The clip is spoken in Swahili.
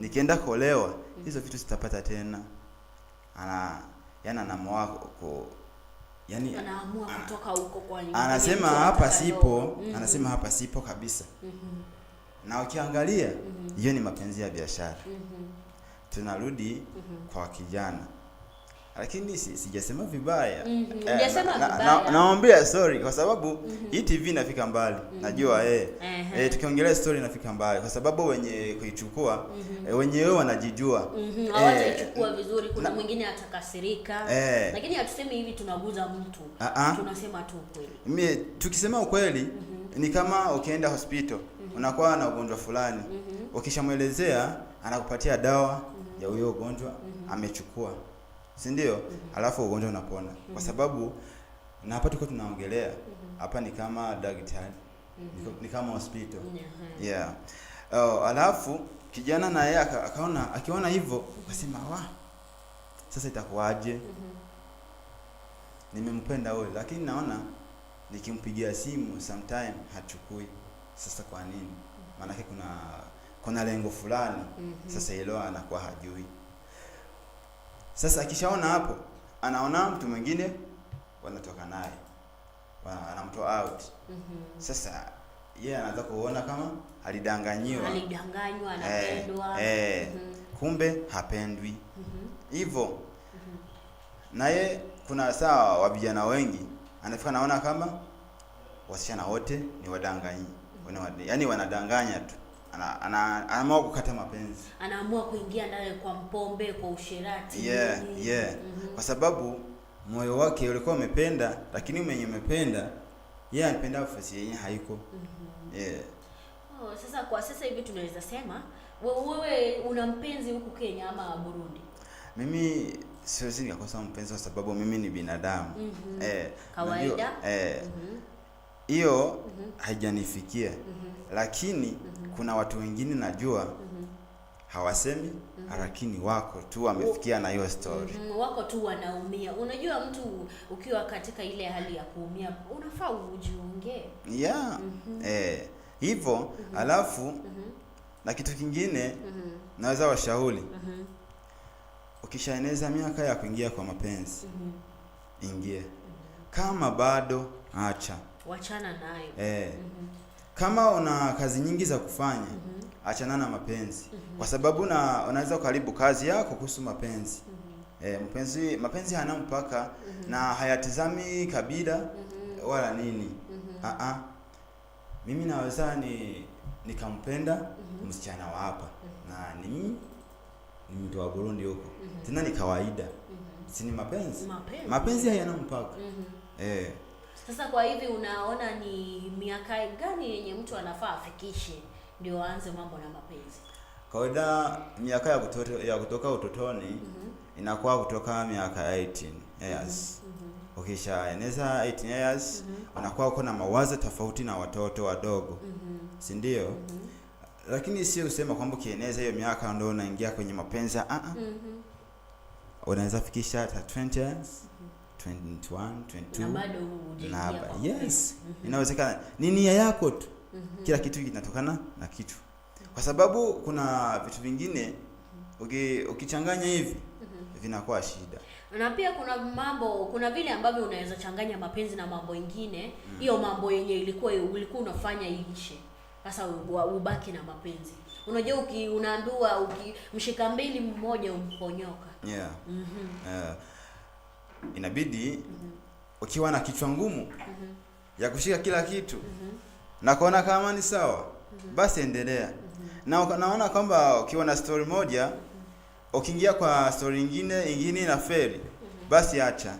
nikienda kuolewa hizo vitu sitapata tena. Ana yani anaamua ko yani anaamua kutoka huko kwa nyingine. Anasema hapa sipo, mm -hmm. Anasema hapa sipo kabisa. Mm -hmm. Na ukiangalia mm-hmm. hiyo mm -hmm. ni mapenzi ya biashara. Mm -hmm. Tunarudi mm -hmm. kwa kijana lakini sijasema si, vibaya mm -hmm. eh, na, na, na, naombea sorry kwa sababu mm -hmm. hii TV inafika mbali mm -hmm. najua eh, uh -huh. eh, tukiongelea story inafika mbali kwa sababu wenye kuichukua mm -hmm. eh, wenyewe wanajijua mm -hmm. eh, eh, vizuri. Kuna mwingine atakasirika eh, lakini hatusemi hivi tunaguza mtu uh -huh. tunasema tu ukweli. Mimi tukisema ukweli mm -hmm. ni kama ukienda hospital mm -hmm. unakuwa na ugonjwa fulani mm -hmm. ukishamwelezea anakupatia dawa mm -hmm. ya huyo ugonjwa mm -hmm. amechukua mm -hmm si ndio? mm -hmm. Alafu ugonjwa unapona mm -hmm. kwa mhm. sababu na hapa tuko tunaongelea mm -hmm. hapa ni kama daktari mm -hmm. ni kama hospital yeah, yeah. Oh, alafu kijana naye akaona akiona hivyo mhm. akasema mm -hmm. wa sasa itakuwaje? mm -hmm. nimempenda wewe, lakini naona nikimpigia simu sometime hachukui. Sasa kwa nini? Mhm. maanake kuna kuna lengo fulani mm -hmm. sasa hilo anakuwa hajui sasa akishaona hapo, anaona mtu mwingine wanatoka naye wanamtoa out. mm -hmm. Sasa yeye yeah, anaanza kuona kama alidanganyiwa, alidanganywa, eh, anapendwa eh, eh, mm -hmm. kumbe hapendwi mhm. hivyo. mm -hmm. mm -hmm. naye kuna sawa wa vijana wengi anafika, naona kama wasichana wote ni wadanganyi, mm -hmm. yaani wanadanganya tu ana, ana, anaamua kukata mapenzi, anaamua kuingia ndani kwa mpombe, kwa usherati. Yeah, mm-hmm. yeah. Mm -hmm. Kwa sababu moyo wake ulikuwa umependa, lakini mwenye umependa yeye yeah, anapenda nafasi yenyewe haiko. Mm -hmm. Yeah. Oh, sasa kwa sasa hivi tunaweza sema wewe una mpenzi huku Kenya ama Burundi? Mimi siwezi nikakosa mpenzi kwa sababu mimi ni binadamu. Mm -hmm. Eh, kawaida. Eh. Mm-hmm. Hiyo mm -hmm. haijanifikia. Mm -hmm. Lakini mm -hmm kuna watu wengine najua mhm. hawasemi mm -hmm. lakini wako tu wamefikia na hiyo story mm -hmm. wako tu wanaumia. Unajua, mtu ukiwa katika ile hali ya kuumia unafaa ujiongee yeah mm -hmm. eh hivyo mm -hmm. alafu mm -hmm. na kitu kingine mm -hmm. naweza washauri mm -hmm. ukishaeneza miaka ya kuingia kwa mapenzi mm -hmm. ingie mm -hmm. kama bado acha wachana nayo eh mm -hmm. Kama una kazi nyingi za kufanya mm -hmm. achana na mapenzi mm -hmm. kwa sababu na unaweza kuharibu kazi yako kuhusu mapenzi mm -hmm. e, eh, mpenzi, mapenzi hana mpaka mm -hmm. na hayatizami kabila mm -hmm. wala nini mm -hmm. A ah, -a. Ah. mimi naweza ni nikampenda mm -hmm. msichana wa hapa mm -hmm. na ni ni mtu wa Burundi huko mm -hmm. tena ni kawaida mm -hmm. si ni mapenzi mapenzi, mapenzi hayana mpaka mm -hmm. e, sasa kwa hivi unaona ni miaka gani yenye mtu anafaa afikishe ndio aanze mambo na mapenzi? Kawaida miaka ya kutoka, ya kutoka utotoni mm -hmm. inakuwa kutoka miaka 18 years mm -hmm. eneza 18 years mm -hmm. unakuwa uko na mawazo tofauti na watoto wadogo mm -hmm. si ndio? mm -hmm. lakini sio kusema kwamba ukieneza hiyo miaka ndio unaingia kwenye mapenzi ah -ah. mm -hmm. unaweza fikisha hata 20 years mm -hmm. Mm-hmm. inawezekana. Ni nia yako tu, mm-hmm. kila kitu kinatokana na kitu, kwa sababu kuna vitu vingine mm-hmm. ukichanganya hivi vinakuwa shida na pia kuna mambo, kuna vile ambavyo unaweza changanya mapenzi na mambo ingine mm. hiyo mm. mambo yenye ilikuwa ulikuwa unafanya iishe, sasa ubaki na mapenzi. Unajua uki, unaambiwa ukimshika mbili mmoja umponyoka. yeah. mm -hmm. yeah inabidi mm -hmm. ukiwa na kichwa ngumu mm -hmm. ya kushika kila kitu mm -hmm. na kuona kama ni sawa mm -hmm. basi endelea mm -hmm. na naona kwamba ukiwa na story moja mhm. ukiingia kwa story nyingine ingine na feli mm -hmm. basi acha